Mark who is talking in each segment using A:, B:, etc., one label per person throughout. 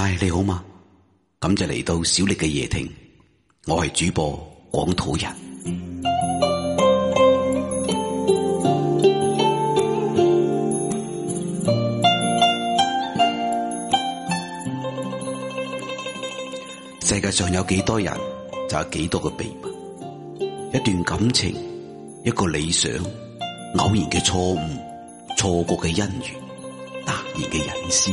A: 嗨，你好嗎？咁就嚟到小力嘅夜聽，我係主播廣土人。世界上有幾多人，就有幾多個秘密。一段感情，一個理想，偶然嘅錯誤，錯過嘅姻緣，突然嘅隱私。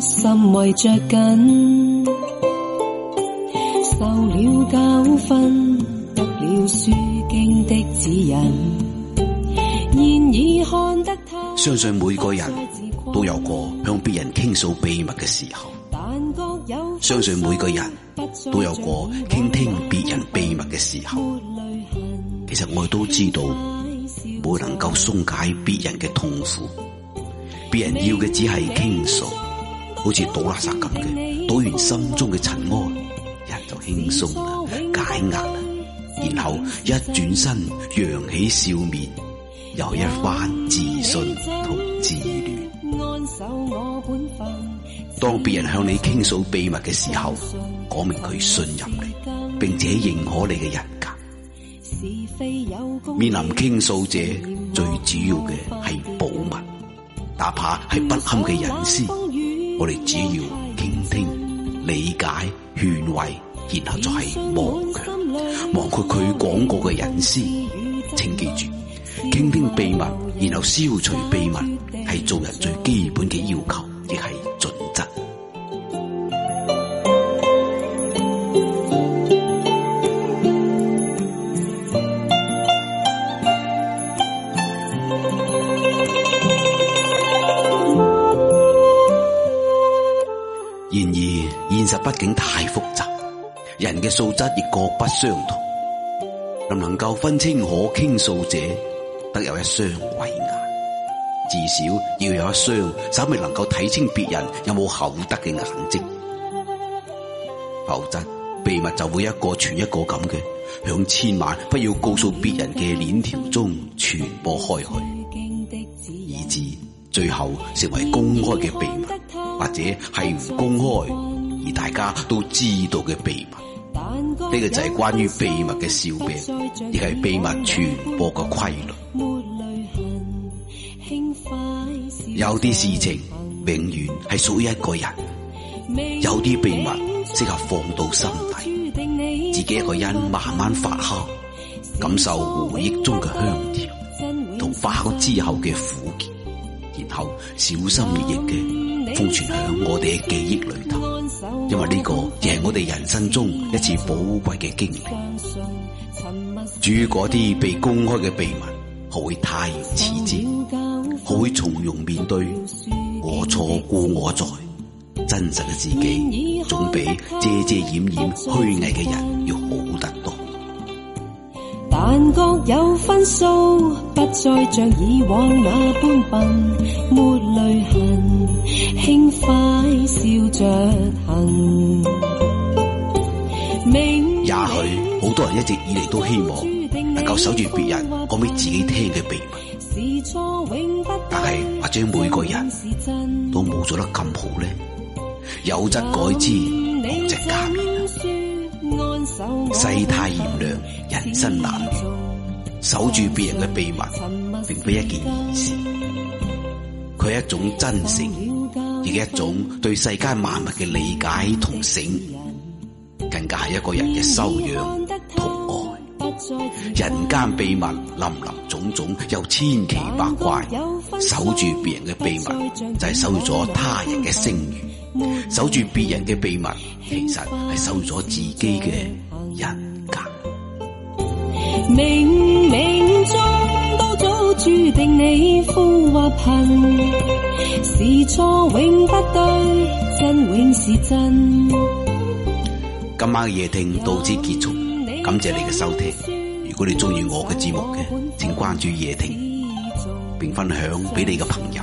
A: 相信每個人都有過向別人傾訴秘密嘅時候。相信每個人都有過傾聽別人人秘密嘅時候。其實我都知道，冇能夠鬆解別人嘅痛苦，別人要嘅只係傾訴。好似倒垃圾咁嘅，倒完心中嘅塵埃，人就輕鬆啦，解壓啦。然後一轉身，揚起笑面，又一番自信同自戀。當別人向你傾訴秘密嘅時候，講明佢信任你，並且認可你嘅人格。面臨傾訴者最主要嘅係保密，哪怕係不堪嘅隱私。我哋只要傾聽，聽、理解、勸慰，然後就係忘卻，忘卻佢講過嘅隱私。請記住，傾聽，聽秘密，然後消除秘密，係做人最基本嘅要求。然而現實畢竟太複雜，人嘅素質亦各不相同。能唔能夠分清可傾訴者，得有一雙慧眼，至少要有一雙稍微能夠睇清別人有冇厚德嘅眼睛。否則秘密就會一個傳一個咁嘅，響千萬不要告訴別人嘅鏈條中傳播開去，以至最後成為公開嘅秘密。或者係唔公開而大家都知道嘅秘密，呢個就係關於秘密嘅笑柄，亦係秘密傳播嘅規律。有啲事情永遠係屬於一個人，有啲秘密適合放到心底，自己一個人慢慢發酵，感受回憶中嘅香甜，同發酵之後嘅苦澀，然後小心翼翼嘅。封存響我哋嘅記憶裏頭，因為呢個亦係我哋人生中一次寶貴嘅經歷。至於嗰啲被公開嘅秘密，學會泰然處之，學會從容面對。我錯過我在，真實嘅自己，總比遮遮掩掩，掩虛偽嘅人要好得多。
B: 但各有分數，不再像以往那般笨，沒淚痕，輕快笑著行。
A: 也許好多人一直以嚟都希望能夠守住別人講畀自己聽嘅秘密，但係或者每個人都冇做得咁好呢？有則改之，
B: 無則加勉。世態炎涼，人生難料。
A: 守住別人嘅秘密，並非一件易事。佢係一種真誠，亦嘅一種對世間萬物嘅理解同醒，更加係一個人嘅修養同愛。人間秘密林林總總，又千奇百怪。守住別人嘅秘密，就係、是、守咗他人嘅聲譽。守住別人嘅秘密，其實係守咗自己嘅人格。
B: 冥冥中都早注定你富或貧，是錯永不對，真永是真。
A: 今晚嘅夜聽到此結束，感謝你嘅收聽。如果你中意我嘅節目嘅，請關注夜聽，並分享俾你嘅朋友。